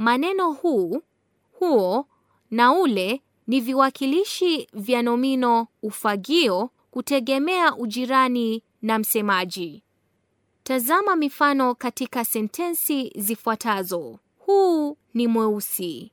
Maneno huu, huo na ule ni viwakilishi vya nomino ufagio kutegemea ujirani na msemaji. Tazama mifano katika sentensi zifuatazo: huu ni mweusi.